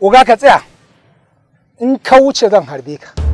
Uga ka tsaya, in ka wuce zan harbe ka.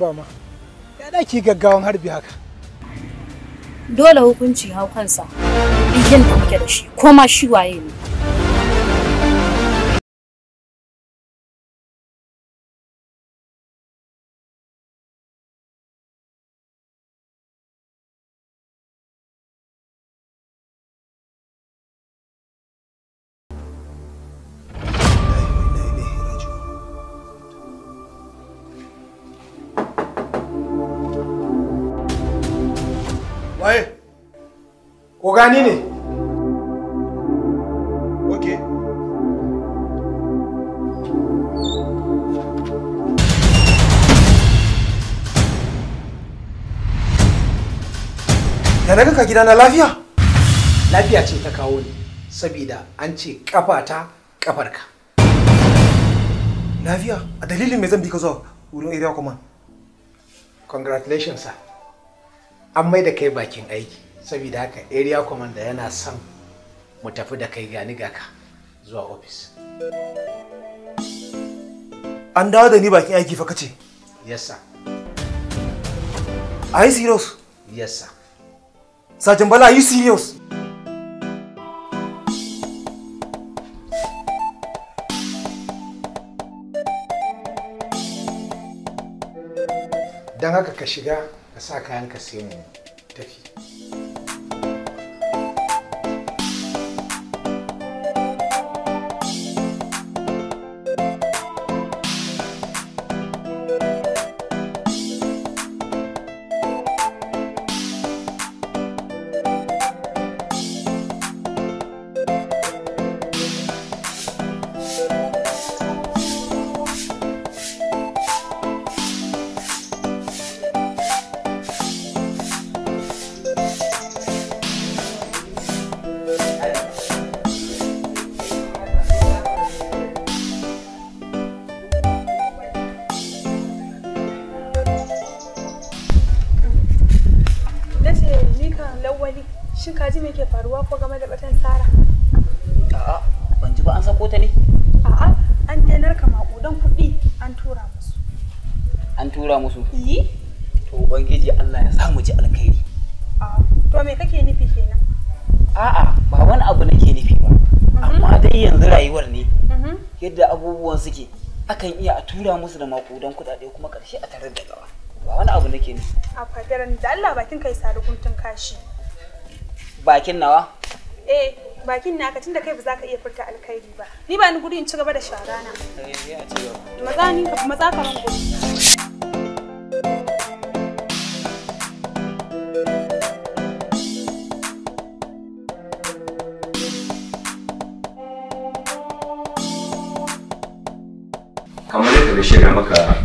ba ma ya daki gaggawan harbi haka dole hukunci hau kansa digin da muke da shi ko ma shi waye ne ogani ne ok da na ka gidana lafiya lafiya ce ta kawo ni saboda an ce kafata kafarka lafiya a dalilin me zan bi ka zuwa wurin area command congratulations sir an mai da kai bakin aiki saboda haka area commander yana son mu tafi da kai gani gaka zuwa ofis an dawo da ni bakin aiki fa kace yes sir are you serious yes sir sergeant bala are you serious don haka ka shiga ka sa kayan ka sai mu tafi a'a ba wani abu nake nufi ba amma mhm. dai yanzu rayuwar ne mhm. yadda abubuwan suke akan iya a tura musu da makudan kuɗaɗe kuma ƙarshe a tarar da gawa ba wani abu nake nufi a fadaran da Allah bakin kai sa guntun kashi bakin nawa eh bakin ka tunda kai ba za ka iya furta alkhairi ba ni ba ni guri in ci gaba da sharana eh ya ci gaba maza ni maza ka man guri da shirya maka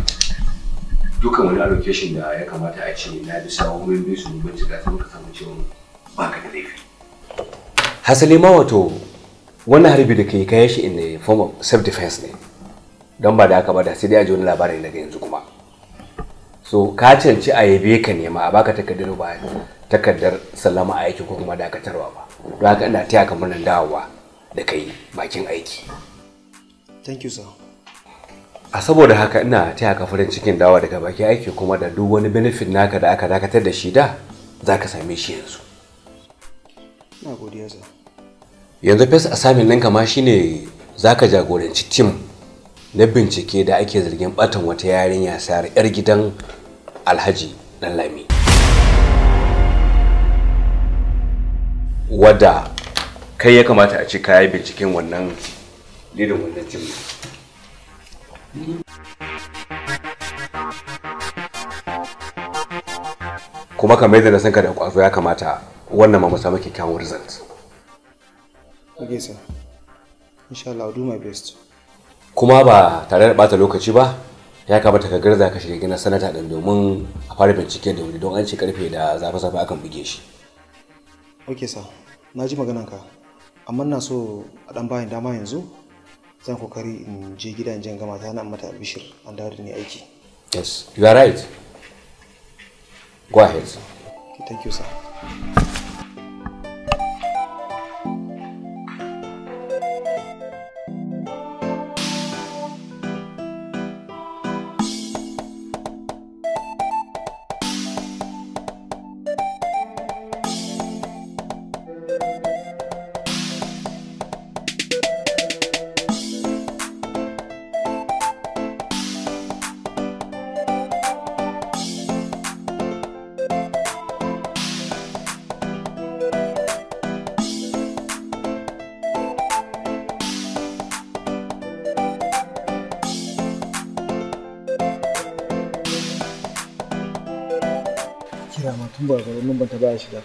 dukkan wani allocation da ya kamata a ce na bi sawo mun bi su ci sai muka samu cewa ba ka da laifi hasali ma wato wannan harbi da kai kayan shi in the form of self defense ne don ba da aka ba da sai dai a ji wani labarin daga yanzu kuma so ka canci a yabe ka nema a baka takardar ba takardar sallama a aiki ko kuma dakatarwa ba don haka ina taya ka murnar dawowa da kai bakin aiki thank you sir a saboda haka ina taya ka farin cikin dawa daga baki aiki kuma da duk wani benefit naka da aka dakatar da shi da za ka same shi yanzu na godiya za yanzu fes assignment ɗinka ma shine za ka jagoranci tim na bincike da ake zargin batan wata yarinya sayar yar gidan alhaji dan lami wadda kai ya kamata a ci kayan binciken wannan lidin wannan tim kuma kamar yadda na san ka da kwazo ya kamata wannan ma mu samu kyakkyawan result okay sir insha Allah do my best kuma ba tare da bata lokaci ba ya kamata ka garza ka shiga gina sanata din domin a fara bincike da wuri don an ce karfe da zafi zafi akan buge shi okay sir na ji maganan ka amma na so a dan bayan dama yanzu zan kokari in je gidan jan gama ta nan mata bishir an dawo da ni aiki yes you are right go ahead thank you sir tun ba ga wannan banta baya shiga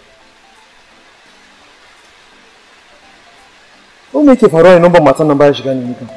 ko me ke faruwa ne numban matan nan baya shiga ne ni kan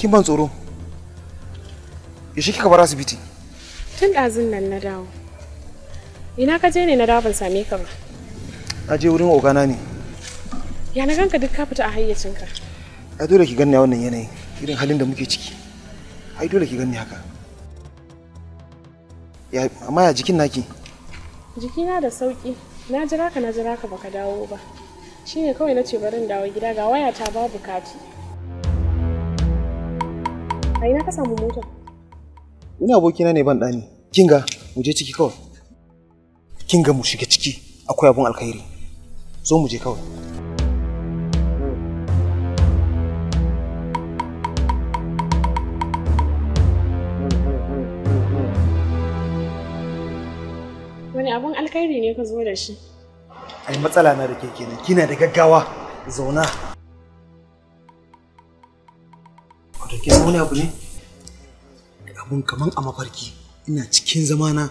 kin ban tsoro yaushe kika bar asibiti tun ɗazun nan na dawo ina ka je ne na dawo ban same ka ba na je wurin ogana ne ya na ganka duk ka fita a hayyacinka ai dole ki ganni a wannan yanayin irin halin da muke ciki ai dole ki ganni haka ya amma ya jikin naki jikina da sauki na jira ka na jira ka baka dawo ba shine kawai na ce barin dawo gida ga wayata babu kati A ina ka samu motar? Ina abokina ne ban ɗani. Kinga, mu je ciki kawai. Kinga mu shiga ciki, akwai abun alkhairi. Zo mu je kawai. Wani abun alkhairi ne ka zo da shi? Ai matsala na da ke kenan, kina da gaggawa. Zauna. to wani abu ne abun kaman a mafarki ina cikin zamana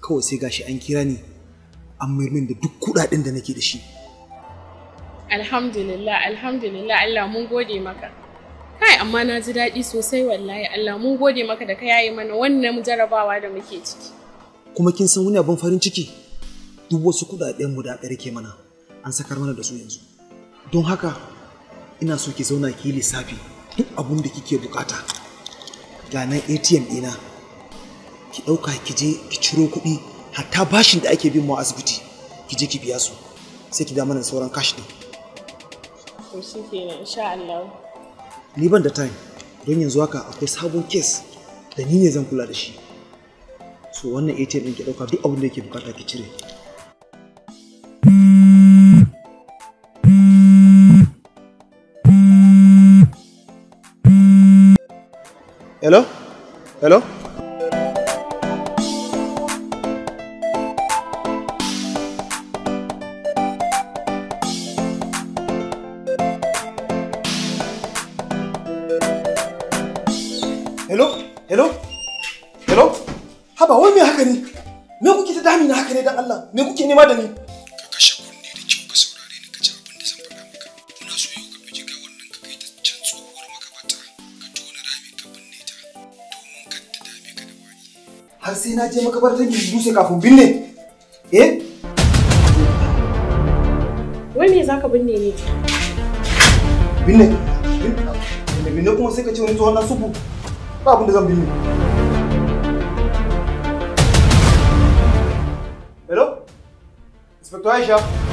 kawai sai gashi an kira ni an mayar min da duk kudaden da nake da shi alhamdulillah alhamdulillah Allah mun gode maka kai amma na ji daɗi sosai wallahi Allah mun gode maka da ka yaye mana wannan jarabawa da muke ciki kuma kin san wani abin farin ciki duk wasu kudaden mu da aka rike mana an sakar mana da su yanzu don haka ina so ki zauna ki lissafi duk abin da kike bukata ga nan atm dina ki dauka ki je ki ciro kuɗi hatta bashin da ake bin mu asibiti ki je ki biya su sai ki da mana sauran cash din to shi kenan insha Allah ni ban da time don yanzu haka akwai sabon case da ni ne zan kula da shi so wannan atm ɗin ki dauka duk abin da yake bukata ki cire hello hello hello hello hello haba wai me haka ne me kuke ta dami na haka ne dan Allah me kuke nema da ni je makabartar ki bushe kafin binne. Eh? Wai me zaka e binne ne? Binne? Binne binne kuma sai ka ce wani tsohon na subu. Ba abin da zan binne. Hello? Inspector Aisha?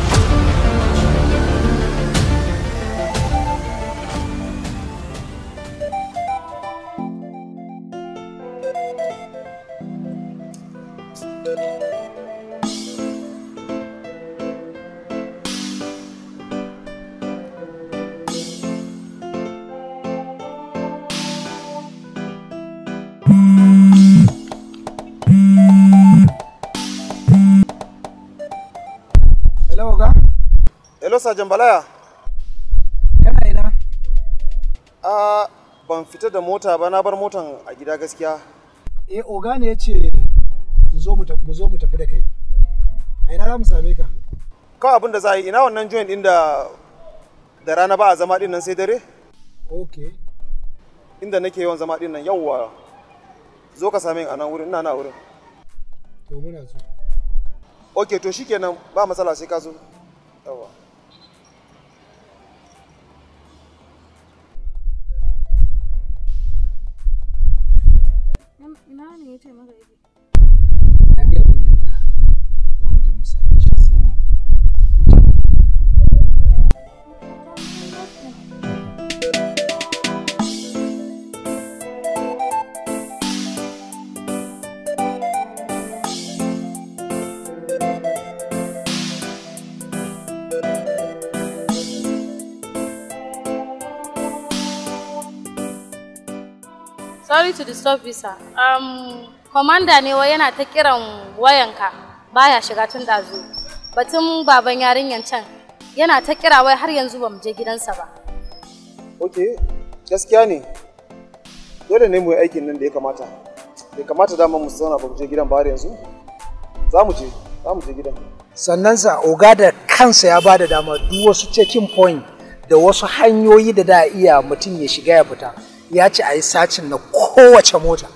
sajan balaya kana ina a ban fita da mota ba na bar motan a gida gaskiya eh oga ne ya ce zo mu tafi da kai a ina za mu same ka kawai abin da za a yi ina wannan joint din da da rana ba a zama din nan sai dare ok inda nake yawan zama din nan yawwa zo ka same a nan wurin ina na wurin to muna zo ok to shikenan ba matsala sai ka zo yawwa नहीं चमक रही you to disturb you sir. Um, commander ne wai yana ta kiran wayanka baya shiga tun ɗazu, Batun baban yarinyan can yana ta kira wai har yanzu ba mu je gidansa ba. Okay, gaskiya ne. Dole ne mu yi aikin nan da ya kamata. ya kamata dama mu zauna ba mu je gidan ba har yanzu. Za mu je, za mu je gidan. Sannan sa oga da kansa ya bada dama duk wasu checking point da wasu hanyoyi da da iya mutum ya shiga ya fita. ya ce a yi sacin na kowace mota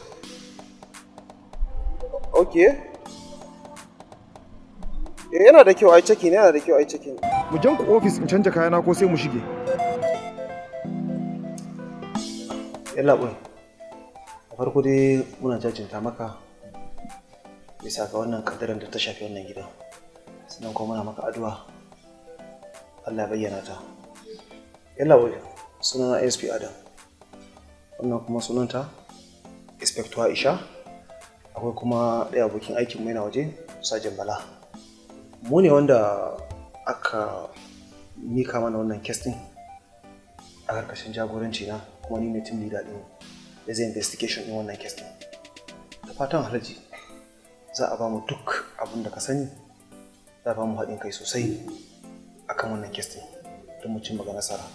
ok eh, yana da kyau a yi ne, yana da kyau a yi ne. mu jan ku ofis in canja kayana ko sai mu shige Yan ɓoye a farko dai muna jajinta maka bisa ga wannan kadarin da ta shafi wannan gidan sannan kuma muna maka addu'a Allah bayyana ta Yan ɓoye sunana asp adam wannan kuma sunanta inspector aisha akwai kuma ɗaya abokin aikin mai na waje sajin bala mu ne wanda aka mika mana wannan kes a ƙarƙashin jagoranci na kuma ni ne tun da ɗin da zai investigation ɗin wannan kes da fatan halarci za a ba mu duk abin da ka sani za a ba mu haɗin kai sosai a kan wannan kes don mu ci magana nasara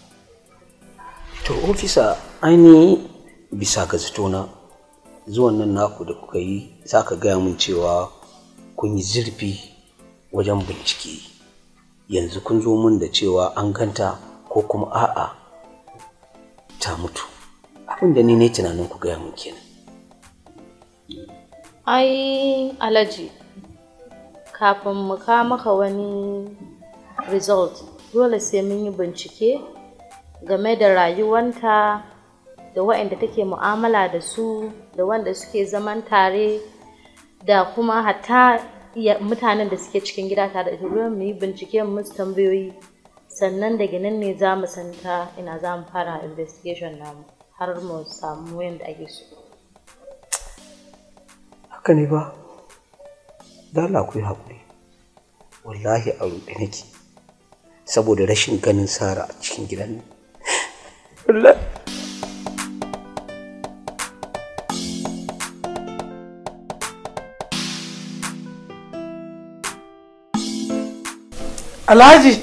to ofisa ainihin bisa ga na zuwan nan naku da kuka yi za ka gaya min cewa kun yi zurfi wajen bincike yanzu kun zo min da cewa an ganta ko kuma a'a ta mutu abin da ni ne tunanin ku gaya min kenan ai alaji kafin mu ka maka wani result dole sai mun yi bincike game da rayuwanta da waɗanda take mu'amala da su da wanda suke zaman tare da kuma hatta mutanen da suke cikin gida tare da ruwan mu yi bincike mu musu tambayoyi sannan daga nan ne za mu san ta ina za mu fara investigation mu, har mu samu yadda ake so haka ne ba dala ku yi haƙuri wallahi a ruɗe nake saboda rashin ganin sara a cikin gidan nan alhaji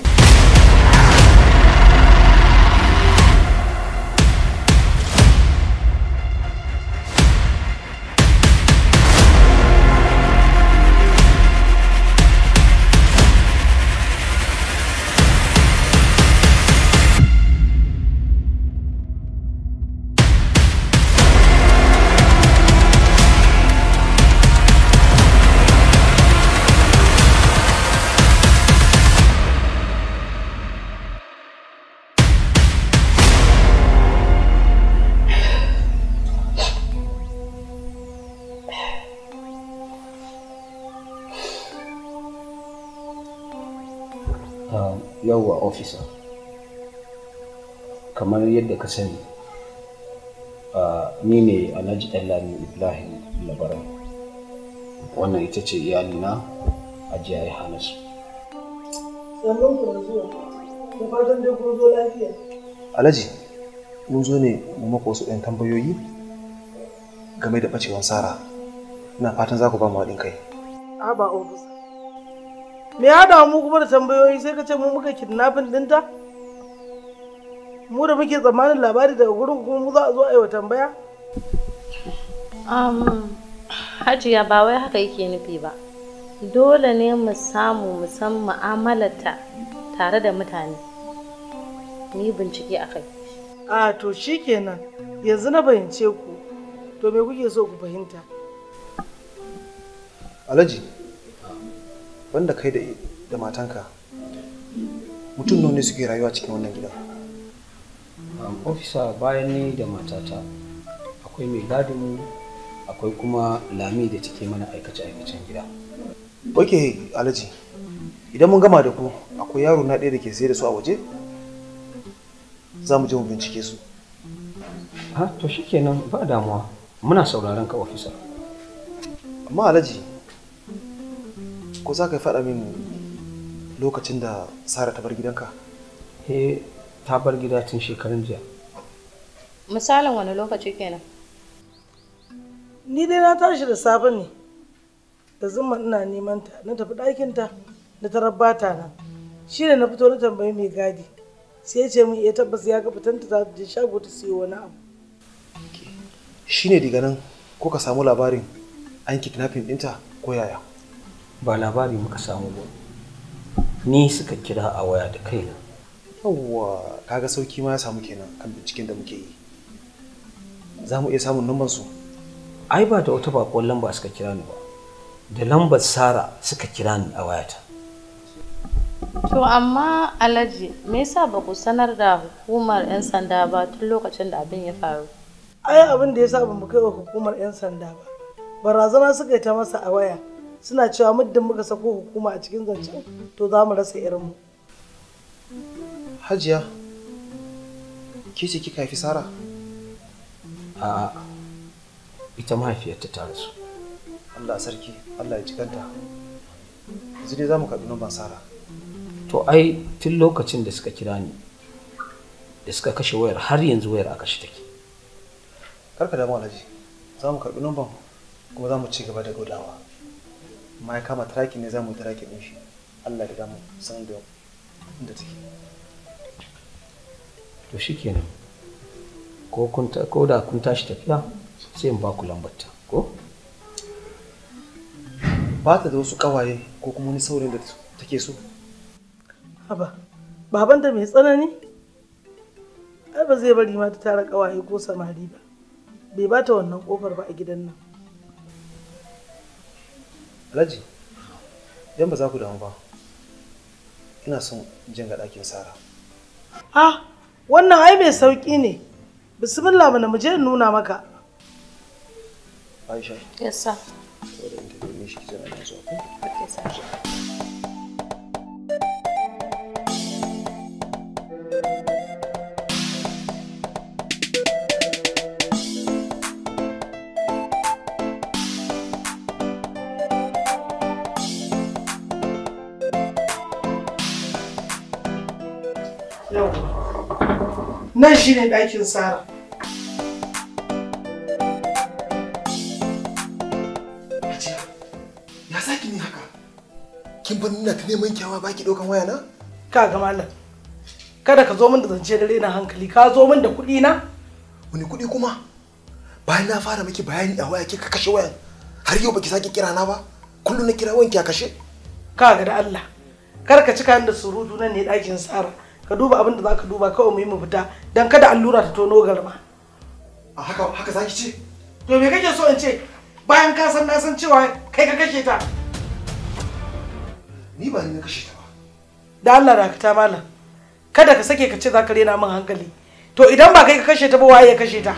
yawwa ofisa kamar yadda ka sani ni ne alhaji ɗanlami ibrahim labaran wannan ita ce iyalina a jihar hanasu alhaji mun zo ne mu maka wasu ɗan tambayoyi game da ɓacewar sara ina fatan za ku ba mu haɗin kai a ba ofisa me ya damu kuma da tambayoyi sai ka ce mu muka kidnapping dinta mu da muke tsammanin labari daga gurin kuma mu za a zo a yi wa tambaya um, hajiya ba wai haka yake nufi ba dole ne mu samu mu san mu'amalarta tare da mutane ni bincike a kai a to shikenan yanzu na fahimce ku to me kuke so ku fahimta alhaji banda kai da matanka mutum nawa ne suke rayuwa cikin wannan gidan um, ofisa bayan ni da matata akwai mai gadinmu akwai kuma lami da take mana aikace-aikacen gida ok alhaji idan mun gama da ku akwai yaro na ɗaya da ke sai da su a waje za mu je mu bincike su ha to shikenan ba damuwa muna sauraron ka ofisa amma alhaji ko za ka faɗa min lokacin da sara ta bar gidanka he ta bar gida tun shekarun jiya misalin wani lokaci kenan ni dai na tashi da safe ne da zuma ina neman ta na tafi ɗakin ta na tarabbata na shi ne na fito na tambayi mai gadi sai ya ce min iya eh, tabbas ya ga fitanta ta je shago ta siyo wani abu shine diga nan ko ka samu labarin an kidnapping ɗinta ko yaya ba labari muka samu ba ni suka kira a waya da kaina yawwa kaga sauki ma ya samu kenan kan binciken da muke yi za mu iya samun numban su ai ba da wata bakon lamba suka kira ni ba da lambar sara suka kira ni a wayata to amma alaji me yasa ba ku sanar da hukumar 'yan sanda ba tun lokacin da abin ya faru ai abin da yasa mu kai wa hukumar 'yan sanda ba barazana suka yi ta masa a waya suna cewa muddin muka sako hukuma a cikin zancen to za mu rasa irinmu hajiya ke ce kika haifi sara a ita mahaifiyarta ta rasu allah sarki allah ya jikanta yanzu dai za mu karɓi numban sara to ai tun lokacin da suka kira ni da suka kashe wayar har yanzu wayar a kashe take karka damu alhaji za mu karɓi numban kuma za mu ci gaba da gudawa ma ya kama taraki ne za mu taraki din shi Allah ya mu san da inda take to shikenan ko kun ko da kun tashi tafiya sai in ba ku lambarta ko ba ta da wasu kawaye ko kuma wani saurin da take so haba baban da mai tsanani ai ba zai bari ma ta tara kawaye ko samari ba bai bata wannan kofar ba a gidan nan alhaji idan ba za ku damu ba ina son jin ga ɗakin sara ah wannan ai mai sauƙi ne bismillah mana mu je in nuna maka aisha yes sir shi zuwa okay sir nan shine ɗakin sara ya saki ne haka kin ban nuna ta neman kyawa ba ki ɗaukan waya na ka ga malam kada ka zo min da zance da rena hankali ka zo min da kuɗi na wani kuɗi kuma bayan na fara miki bayani a waya ke ka kashe wayan har yau baki sake kira na ba kullum na kira wanki a kashe ka ga da Allah kar ka cika da surutu nan ne ɗakin sara ka duba abin da za ka duba kawai mu yi fita don kada allura ta tono garma a haka haka za ki ce to me kake so in ce bayan ka san na san cewa kai ka kashe ta ni ba ni na kashe ta ba da Allah ta malam kada ka sake ka ce za ka rena min hankali to idan ba kai ka kashe ta ba waye ya kashe ta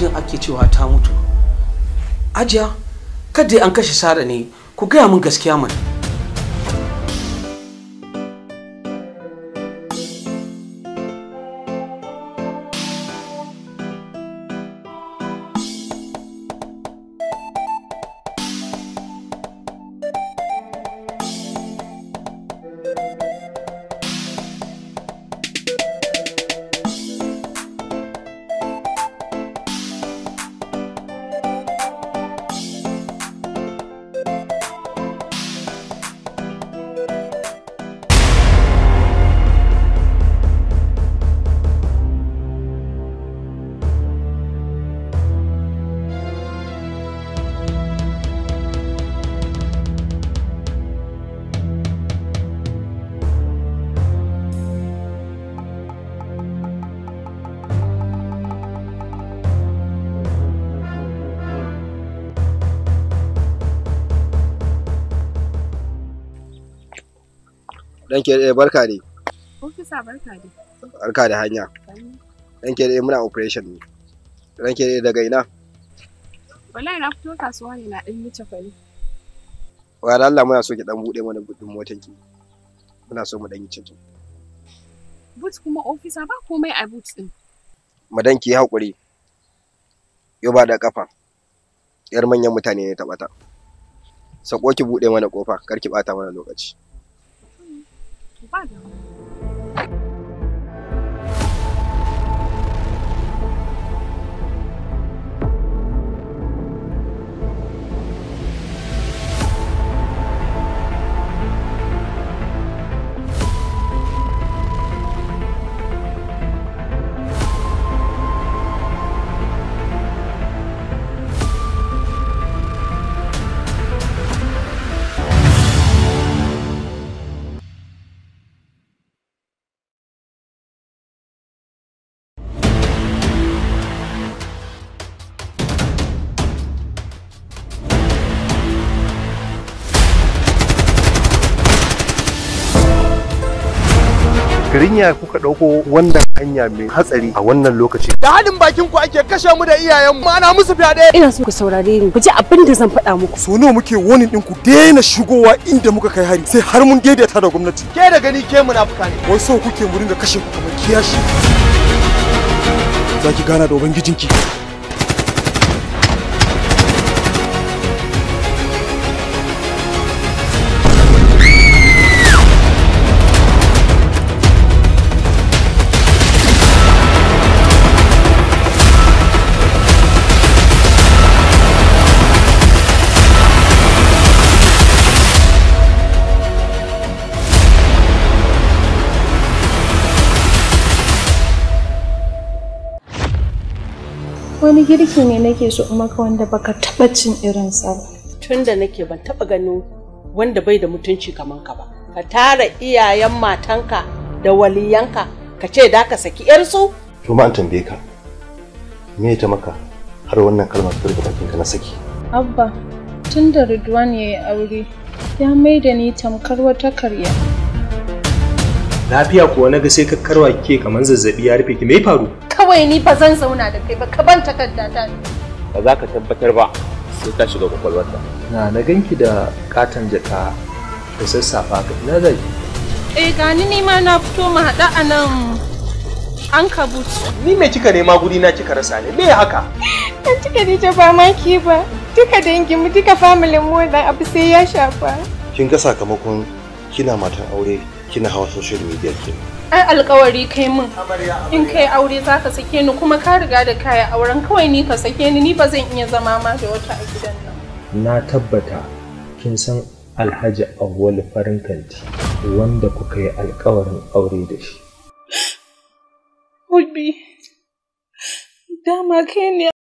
jin ake cewa ta mutu ajiya kada an kashe sara ne ku gaya min gaskiya mana Dan ke dai barka ne. Ofisa barka ne. Barka da hanya. Dan ke dai muna operation ne. Dan ke dai daga ina? Wallahi na fito kasuwa ne na dan wuce fari. Wa Allah muna so ki dan bude mana gudun motar ki. Muna so mu dan yi cikin. But kuma ofisa ba komai a but din. Madan ki hakuri. Yau ba da kafa. Yar manyan mutane ne ta bata. Sako ki bude mana kofa kar ki bata mana lokaci. Chicago. hanya kuka ɗauko wannan hanya mai hatsari a wannan lokaci da halin bakin ku ake kashe mu da iyayen mu ana musu fyaɗe ina so ku saurare ni ku ji abin da zan faɗa muku so nawa muke wani ɗin ku daina shigowa inda muka kai hari sai har mun daidaita da gwamnati ke da gani ke munafuka ne wai so kuke mu dinga kashe ku kamar kiyashi zaki gana da ubangijinki wani girki ne nake so in maka wanda baka taɓa cin irin sa ba. Tun da nake ban taba ganin wanda bai da mutunci kaman ka ba. Ka tara iyayen matanka da waliyanka ka ce da ka saki su To ma an tambaye ka. Me ta maka har wannan kalmar ta daga bakinka na saki? Abba, tun da Ridwan ya yi aure ya mai da ni tamkar wata karya. Lafiya kuwa na ga sai ka karwa ke kamar zazzabi ya rufe ki me faru? kawai ni fa zan zauna da kai ba ka ban takarda ta ba za ka tabbatar ba sai ka shiga kwakwalwarta na na ganki da katon jaka da sassafa ka ina za ki eh gani ni ma na fito mu haɗa a nan an kabut ni me kika nema guri na kika rasa ne me haka an kika ni ta ba maki ba duka dangin mu duka family mu da abu sai ya shafa kin ga sakamakon kina matan aure kina hawa social media kenan ai alkawari kai min in kai aure za ka sake ni kuma ka riga da kaya auren kawai ni ka sake ni ni ba zan iya zama ma da wata a gidan nan na tabbata kin san alhaji awwal farin kanti wanda kuka yi alkawarin aure da shi Obi, dama kai ne